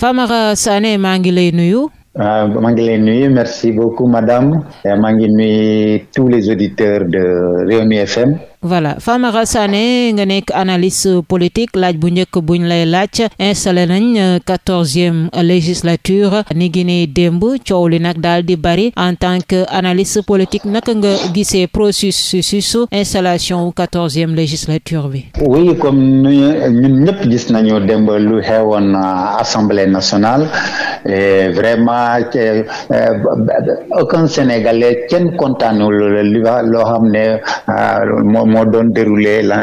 Famara Sané maa ngi lay nuyu. Ah, maa ngi lay nuyu merci beaucoup madame eh, maa ngi nuyu tous les auditeurs de Rewmi FM. voilà Famara Sané nga nekk analyste politique laaj bu njëkk buñ lay laaj installé nañ euh, quatorzième législature ni Guinée démb coow li nag daal di bari en tant que analyste politique naka nga gisee processus installation wu quatorzième législature bi. oui comme ñun ñëpp gis nañu démb lu xewoon euh, assemblée nationale et vraiment euh, aucun Sénégalais kenn kontaanul loo xam ne moo doon déroulé la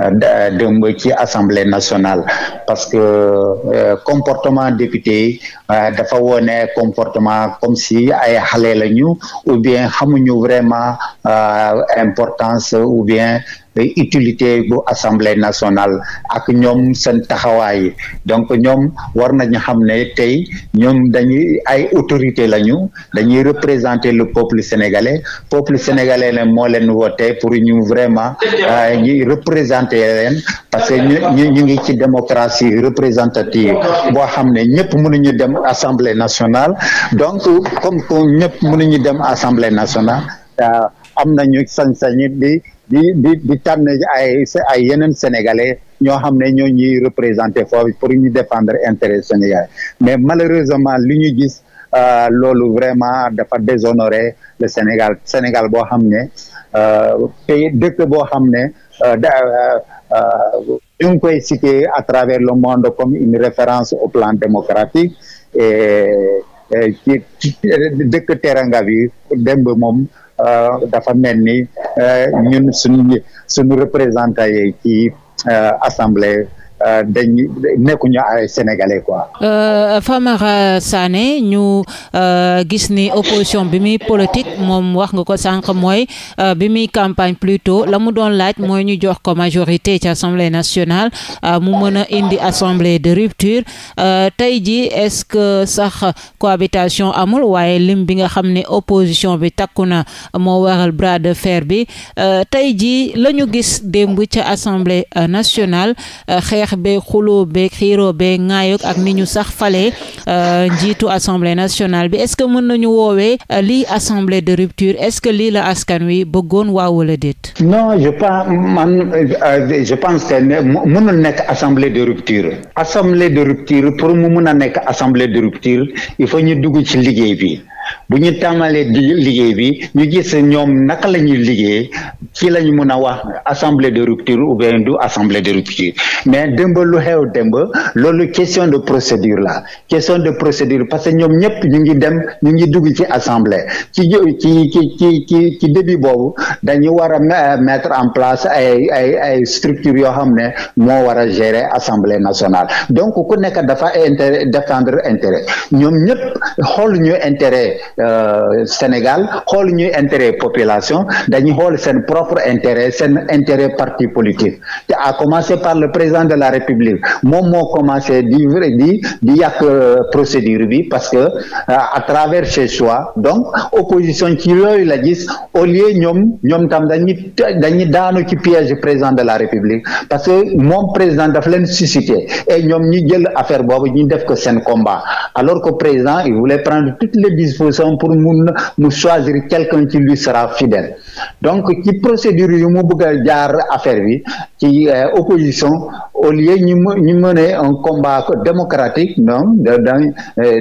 euh, démb ci assemblée nationale parce que euh, comportement député euh, dafa wone comportement comme si ay xale lañu ou bien xamuñu vraiment importance ou bien utilité bu assemblée nationale ak ñoom seen taxawaay donc ñoom war ñu xam ne tey ñoom dañuy ay autorité lañu dañuy représenter le peuple sénégalais peuple sénégalais ne moo leen woote pour ñu vraiment euh, ñuy représenter leen parce que ñi ñu ngi ci démocratie représentative boo xam ne ñëpp mënuñu dem assemblée nationale donc comme comme ñëpp mënuñu dem assemblée nationale euh, am nañu sañ-sañ di di di di tànn ay ay yeneen sénégalais ñoo xam ne ñoo ñuy représenté foofu pour ñu défendre intérêt sénégalais mais malheureusement li ñu gis euh, loolu vraiment dafa déshonorer le Sénégal Sénégal boo xam ne euh, pays dëkk boo xam ne euh, ñu ngi koy cité à travers le monde comme une référence au plan démocratique et ci dëkk teranga bi démb moom Euh, dafa mel ni euh, ñun suñu suñu représentant yi ci euh, assemblée Euh, dañ nekkuñu ay sénégalais quoi. Euh, Famara Sané ñu euh, gis ni opposition bi muy politique moom wax nga ko sànq mooy bi muy campagne plutôt la mu doon laaj mooy ñu jox ko majorité ci assemblée nationale mu mën a indi assemblée de rupture tey ji est-ce que sax cohabitation amul waaye lim bi nga xam ne opposition bi takku na moo waral bras de fer bi tey ji lañu gis démb ca assemblée nationale xeex xeex bee xuloo bee xiiroo bee ŋaayoog ak ni ñu sax falee euh, njiitu assemblée nationale bi est-ce que mën nañu woowee euh, lii assemblée de rupture est-ce que lii la askan wi bëggoon waaw wala déet. non je pense man euh, je pense que mënul nekk assemblée de rupture assemblée de rupture pour mu mën a nekk assemblée de rupture il faut ñu dugg ci liggéey bi. bu ñu tàmmalee di liggéey bi ñu gis ñoom naka la ñuy liggéey ci la ñu mën a wax assemblée de rupture ou bien du assemblée de rupture mais démb lu xew démb loolu question de procédure la question de procédure parce que ñoom ñëpp ñu ngi dem ñu ngi dugg ci assemblée ci ci ci ci ci début boobu dañu war a mettre en place ay ay ay structures yoo xam ne moo war a gérer assemblée nationale donc ku nekk dafa inter défendre intérêt ñoom ñëpp xool ñu intérêt intérêt euh, Sénégal xool ñuy intérêt population dañuy xool seen propre intérêt seen intérêt parti politique te à commencer par le président de la République moom moo commencé di di di yàq euh, procédure bi parce que euh, à travers ses choix donc opposition ci yooyu la gis au lieu ñoom ñoom tam dañuy dañuy daanu ci piège président de la République parce que moom président daf leen suscité et ñoom ñu jël affaire boobu ñu def ko seen combat alors que président il voulait prendre toutes les dispositions disposition pour mun mu choisir quelqu'un qui lui sera fidèle donc ci procédure yu mu bëgg jaar affaire bi ci euh, opposition au lieu ñu ñu mener un combat démocratique non dans euh,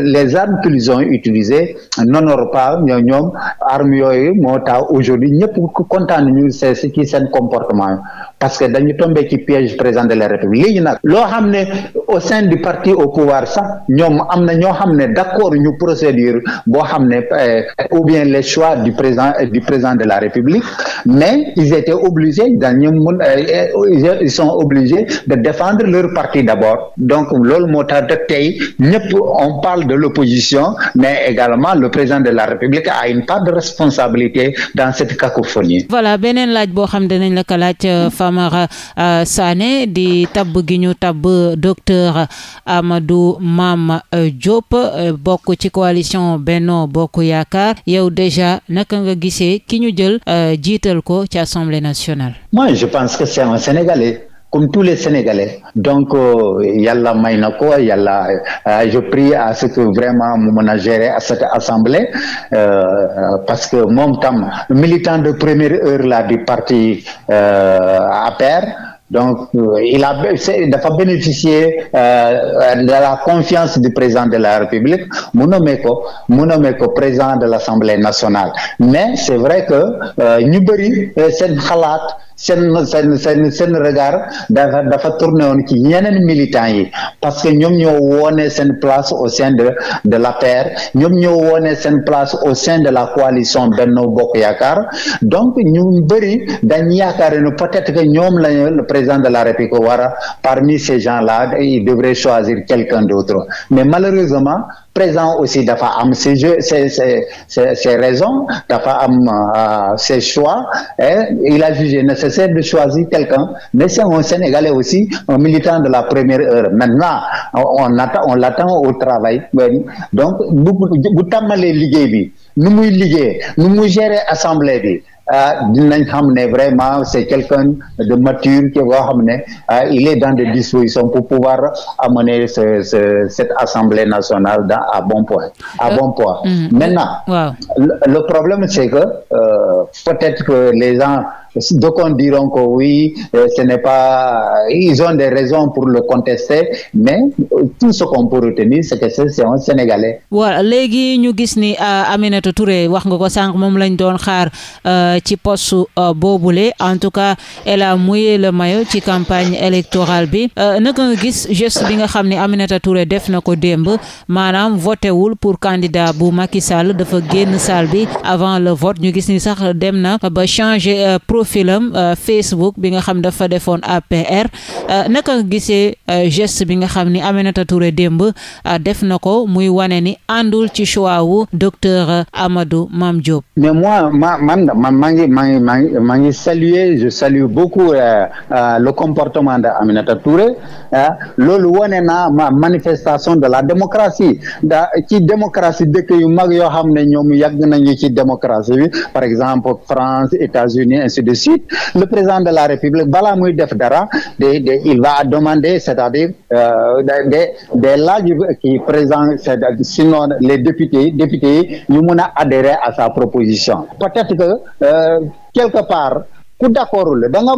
les armes qu'ils ont utilisées n'honorent pas ñoom armes yooyu moo tax aujourd'hui ñëpp kontaan ñu c'est ci seen comportement parce que dañu tombé ci piège président de la république léegi nag loo xam ne au sein du parti au pouvoir sax ñoom am na ñoo xam ne d'accord ñu procédure boo xam ne euh, ou bien les choix du président du président président de la République mais ils étaient obligés dañu mun euh, de défendre leur parti d'abord donc loolu moo tax de tey ñëpp on parle de l'opposition mais également le président de la République a une part de responsabilité dans cette cacophonie. voilà beneen laaj boo xam dinañ la ko laaj euh, Famara euh, Sané di tabb gi ñu tabb docteur Amadou mam Diop bokk ci coalition Benno Bokk Yaakaar yow déjà naka nga gisee ki ñu jël euh, jiital ko ci assemblée nationale. je pense que c'est un Sénégalais. comme tous les Sénégalais donc euh, yàlla may na ko yàlla euh, je prie à ce que vraiment mu mën a gérer à cette assemblée parce que moom tam militant de première heure là du partie euh, APR. donc euh, il a dafa bénéficier euh, de la confiance du président de la République mu nommé ko mu nommé ko président de l'Assemblée nationale mais c'est vrai que euh, ñu bëri seen xalaat seen seen seen seen regard dafa dafa tourné woon ci ñeneen militants yi parce que ñoom ñoo woone seen place au sein de de l'APR ñoom ñoo woone seen place au sein de la coalition Benno Bokk Yaakaar donc ñu bëri dañ yaakaar ne peut-être que ñoom lañu le président de la République war parmi ces gens-là il devrait choisir quelqu'un d'autre mais malheureusement président aussi dafa am ses jeux ses ses ses, ses raisons dafa am euh, ses choix et il a jugé nécessaire de choisir quelqu'un mais c'est un Sénégalais aussi un militant de la première heure maintenant on attend on l'attend au travail donc bu bu tàmmalee liggéey bi nu muy liggéey nu muy gérer assemblée bi Euh, dinañ xam ne vraiment c'est quelqu'un de mature ki nga xam ne euh, il est dans des dispositions pour pouvoir amener ce, ce cette assemblée nationale dans à bon point à euh, bon point. Euh, mm-hmm. maintenant. Wow. Le, le problème c'est que euh, peut-être que les gens. D'aucuns diront que oui, euh, ce n'est pas. Euh, ils ont des raisons pour le contester, mais tout ce qu'on peut retenir, c'est que c'est un Sénégalais. voilà léegi ñu gis ni euh, Aminata Touré wax nga ko sànq moom lañ doon xaar ci postu boobule en tout cas elle a mouillé le maillot ci campagne électorale bi naka nga gis geste bi nga xam ni Aminata Touré def na ko démb maanaam voté wul pour candidat bu Macky dafa génn salle bi avant le vote ñu gis ni sax dem na ba changer profil euh, Facebook bi nga xam dafa defoon APR euh, naka nga gisee euh, geste bi nga xam ni Aminata Touré démb def na ko muy wane ni àndul ci choix wu docteur Amadou Mame Diop. mais moi ma man maa ngi maa ngi maa ngi maa ngi saluer je salue beaucoup euh, euh, le comportement de Aminata Touré loolu wane na ma manifestation de la démocratie da ci démocratie mag yoo xam ne ñoom yàgg nañu ci démocratie par exemple France États-Unis ainsi de suite le président de la république balaa muy def dara de, de il va demander c'est-à-dire euh, des des laaj ki président c'est-à-dire sinon les députés députés ñu mun a adhérer à sa proposition peut-être que euh, quelque part ku d'accordul da nga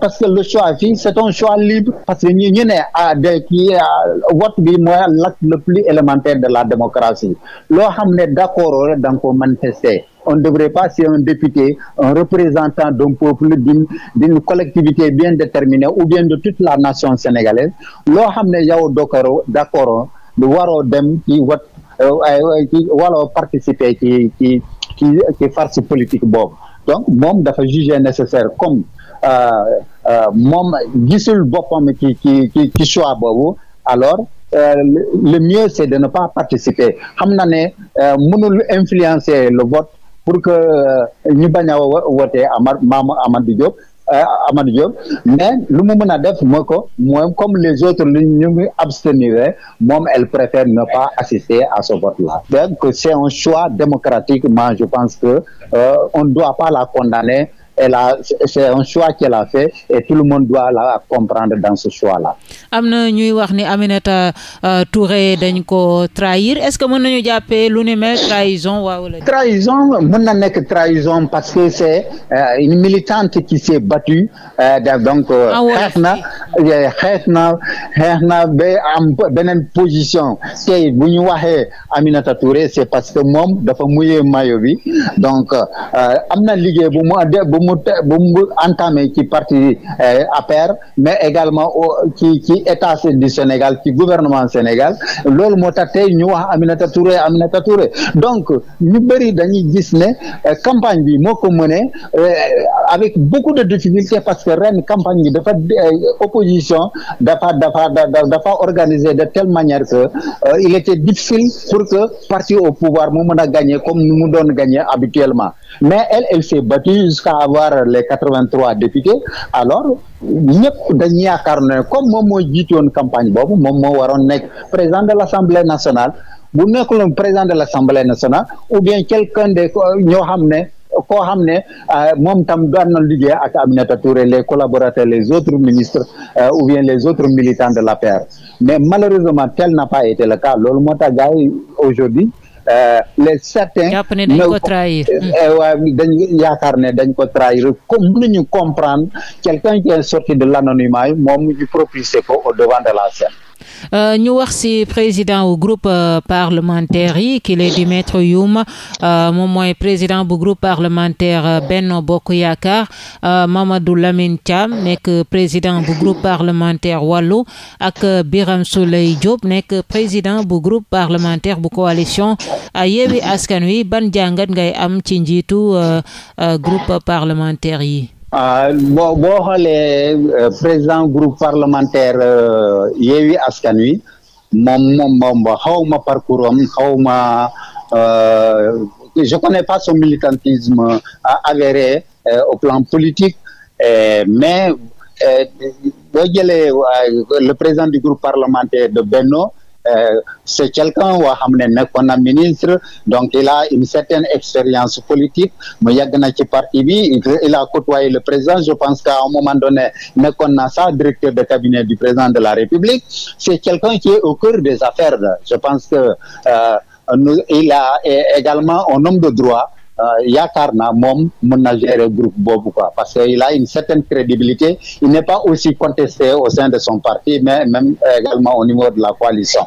parce que le choix fii c'est un choix libre parce que ñu ñu ne ah de kii ah, vote bi l'acte le plus élémentaire de la démocratie loo xam ne d'accordoo da nga ko on ne devrait pas, si un député, un représentant d'un peuple, d'une collectivité bien déterminée ou bien de toute la nation sénégalaise, loo xam ne yow dokkaro d'accord waroo dem ci wat euh, waroo participer ci ci ci ci farce politique boobu donc moom dafa jugé nécessaire comme euh, euh, moom gisul boppam ci ci ci ci choix boobu alors Euh, le mieux c'est de ne pas participer xam na influencer le vote pour que euh, ñu bañ a wootee Amar maamu Amadou Diop euh, Amadou Diop mais lu mu mën a def mooy ko mooy comme les autres li ñu ngi abstenir moom elle préfère ne pas assister à ce vote là donc c'est un choix démocratique moi je pense que euh, on ne doit pas la condamner elle a c'est un choix qu'elle a fait et tout le monde doit la comprendre dans ce choix là. am na ñuy wax ni Aminata euh, Touré dañ ko trahir est-ce que mën nañu jàppee lu ni mel trahison waaw wala. trahison mën na nekk trahison parce que c'est euh, une militante qui s'est battue euh, donc. Ah xeex na xeex na xeex na ba am beneen position tey bu ñu waxee Aminata Touré c'est parce que moom dafa muyee mayo bi donc am na liggéey bu mu bu mu entamé ci parti eh, APR mais également ci ci état du Sénégal ci gouvernement Sénégal loolu moo tax tey ñu wax Aminata Touré Aminata Touré donc ñu bëri dañuy gis ne eh, campagne bi moo ko mënee eh, avec beaucoup de difficultés parce que ren campagne bi dafa opposition dafa dafa dafa organisé de telle manière que il était difficile pour que parti au pouvoir mu mën a gagner comme ni mu doon gagner habituellement mais elle elle s'est battue jusqu'à avoir avoir les quatre-vingt-trois députés alors ñëpp dañu ne comme moom moo jiitu woon campagne boobu moom moo waroon nekk président de l'Assemblée nationale bu nekkuloon président de l'Assemblée nationale ou bien quelqu'un de ñoo xam ne koo xam ne euh, moom tam daan na liggéey ak Aminata Touré les collaborateurs les autres ministres euh, ou bien les autres militants de l'APR mais malheureusement tel n'a pas été le cas loolu moo aujourd'hui Euh, les certains. jàpp ne dañ ko trahir. Euh, hmm. euh, waaye dañ yaakaar ne dañ ko trahir comme lu ñu comprendre quelqu'un qui est sorti de l'anonymat moom ñu propulsé ko au devant de la scène. Euh, ñu wax ci président wu groupe euh, parlementaire yi ki lay di maître Youm euh, moom mooy président bu groupe parlementaire benn Bokk Yaakaar Mamadou lamin Thiam nekk président bu groupe parlementaire Wallu ak biram Souleye Diop nekk président bu groupe parlementaire bu coalition Yewwi Askan Wi ban jàngat ngay am ci njiitu groupe parlementaire yi Ah, boo boo xoolee euh, président groupe parlementaire euh, Yewwi Askan Wi moom moom moom xaw ma parcours am xaw ma euh, je connais pas son militantisme avéré au plan politique mais boo jëlee le président du groupe parlementaire de Benno Euh, c'est quelqu'un woo xam ne nekkoon ministre donc il a une certaine expérience politique mu yàgg na ci parti bi il a côtoyé le président je pense qu'à un moment donné nekkoon na sax directeur de cabinet du président de la République c'est quelqu'un qui est au cœur des affaires je pense que euh, nous, il a également un homme de droit Euh, yaakaar naa moom mën na gérer groupe boobu quoi parce que il a une certaine crédibilité il n'est pas aussi contesté au sein de son parti mais même également au niveau de la coalition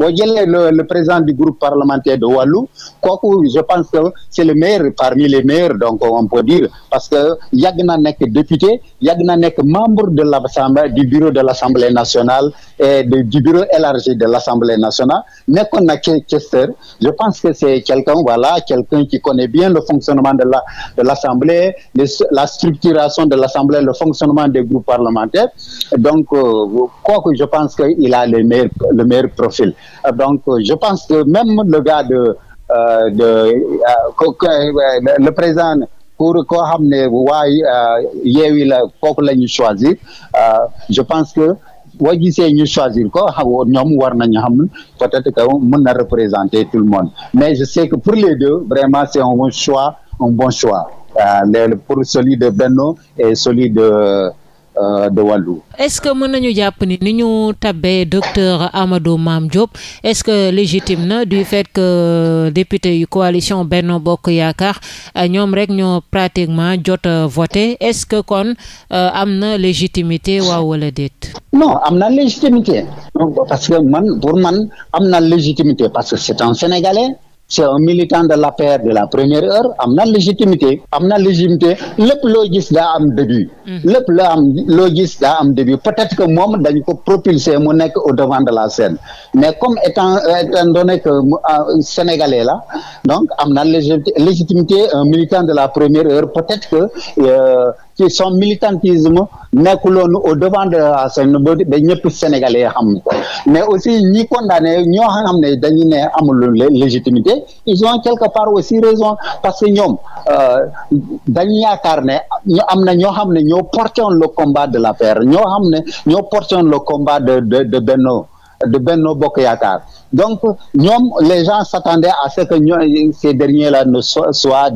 boo jëlee le, le président du groupe parlementaire de Wallu kooku je pense que c'est le meilleur parmi les meilleurs donc on peut dire parce que yàgg na nekk député yàgg na nekk membre de l'Assemblée du bureau de l'Assemblée nationale et de, du bureau élargi de l'Assemblée nationale nekkoon que c'est quelqu'un voilà bien le fonctionnement de la de l'Assemblée, la structuration de l'Assemblée, le fonctionnement des groupes parlementaires. Donc, euh, quoi que je pense qu'il a les meilleurs, le meilleur profil. Donc, euh, je pense que même le gars de, euh, de euh, euh, le président pour koo xam ne waaye yeewi la kooku la ñu choisir je pense que boo gisee ñu choisir ko xam ñoom war nañu xam peut-être que mën na représenté tout le monde mais je sais que pour les deux vraiment c'est un bon choix un bon choix euh, pour celui de Benno et celui de Euh, de wàllu. est-ce que mën nañu jàpp ni nu ñu tabbee docteur Amadou maam Diop est-ce que légitime na du fait que euh, député yu coalition Benno Bokk Yaakaar euh, ñoom rek ñoo pratiquement jot a voté est-ce que kon am na légitimité waaw wala déet. non am na légitimité. parce que man pour man am na légitimité parce que c'est un Sénégalais. c'est un militant de la paire de la première heure am na légitimité am na légitimité lépp loo gis début mm. lépp loo am début peut-être que moom dañ ko propulser mu au devant de la scène mais comme étant étant que ah, sénégalais la donc am na légitimité un militant de la première heure peut-être que euh, ci son militantisme nekkuloon au devant de la scène ba ba ñëpp sénégalais yi xam mais aussi ñi condamné ñoo xam ne dañu ne amul légitimité ils ont quelque part aussi raison parce que ñoom euh, dañu yaakaar ne ñu am na ñoo xam ne ñoo porté woon le combat de l'affaire ñoo xam ne ñoo porté woon le combat de de de Benno de Benno Bokk Yaakaar donc ñoom les gens s'attendaient à ce que ñoom ces derniers là ne soient, soient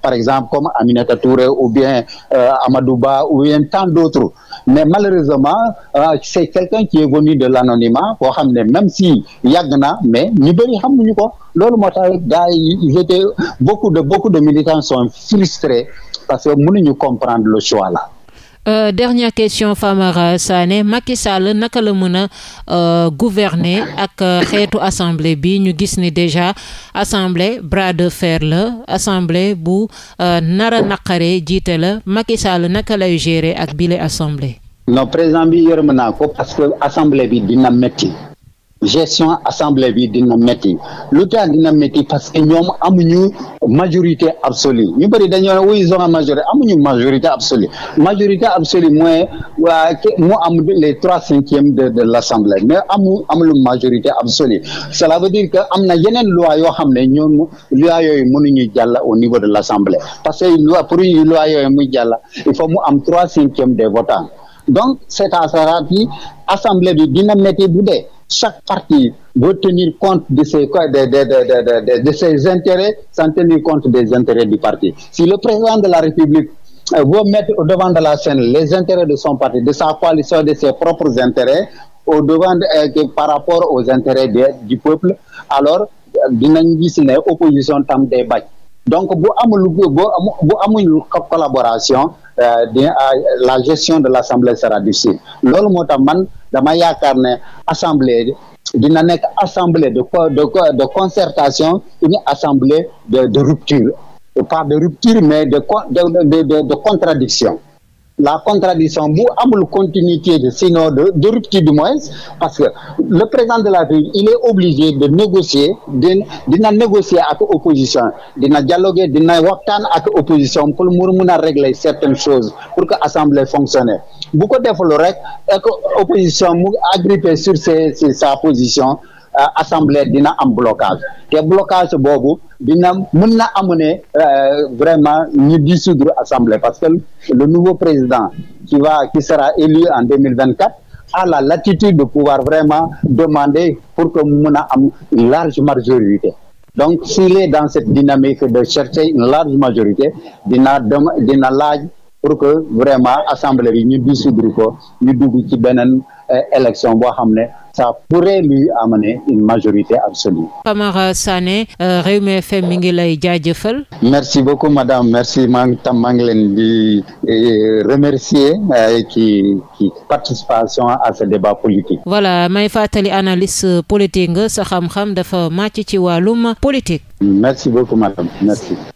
par exemple comme Aminata Touré ou bien euh, Amadou Ba ou bien tant d'autres mais malheureusement euh, c'est quelqu'un qui est venu de l'anonymat koo xam ne même si yàgg na mais ñu bëri xamuñu ko loolu moo tax gars yi ils beaucoup de beaucoup de militants sont frustrés parce que mënuñu comprendre le choix là Euh, dernière question Famara a Macky Sall naka la mën a euh, gouverner ak euh, xeetu assemblée bi ñu gis ni déjà assemblée bras de fer la assemblée bu nara naqaree jiite la Macky Sall naka lay gérer ak bile assemblée. non président bi yërëm naa ko parce que assemblée bi dina metti gestion assemblée bi dina métti lu tax dina métti parce que ñoom amuñu majorité absolue ñu bëri dañoo ne oui ils ont la majorité amuñu majorité absolue majorité absolue mooy waa mu am les trois cinquièmes de de l' assemblée mais amu amul majorité absolue cela veut dire que am na yeneen loi yoo xam ne ñoom loi yooyu ñu jàll au niveau de l' assemblée parce que loi pour ñu loi yooyu muy jàll il faut mu am trois cinquièmes des votants donc c' est à dire assemblée bi dina métti bu chaque parti veut tenir compte de ses, de, de, de, de ses intérêts sans tenir compte des intérêts du parti. Si le président de la République euh, veut mettre au devant de la scène les intérêts de son parti, de sa coalition, de ses propres intérêts, au devant euh, par rapport aux intérêts du peuple, alors euh, dinañ gis ne opposition tam day bañ donc bu amul bu amul collaboration euh, di euh, la gestion de l' assemblée sera difficile loolu moo tax man dama yaakaar ne assemblée dina nekk assemblée de de de concertation une assemblée de de rupture pas de rupture mais de de de de contradiction la contradiction bu amul continuité de sinon de de rupture du mois parce que le président de la République il est obligé de négocier di dina négocier ak opposition dina dialoguer dina waxtaan ak opposition pour mu mun a régler certaines choses pour que assemblée fonctionne bu ko deful rek ak opposition mu agrippé sur ses sa Euh, assemblée dina am blocage te blocage boobu dina mun na amener euh, vraiment ñu dissoudre assemblée parce que le nouveau président qui va qui sera élu en mille vingt quatre à la latitude de pouvoir vraiment demander pour que mu mën a am large majorité donc s'il est dans cette dynamique de chercher une large majorité dina dem dina laaj pour que vraiment assemblée bi ñu dissoudre ko ñu dugg ci beneen euh, élection boo xam ne ça pourrait lui amener une majorité absolue. Famara Sané euh, Rewmi FM mi ngi lay jaajëfal. merci beaucoup madame merci maa ngi tam maa ngi leen di eh, eh, remercier eh, ci ci participation à ce débat politique. voilà may fàttali analyse politique nga sa xam-xam dafa màcc ci wàllum politique. merci beaucoup madame merci.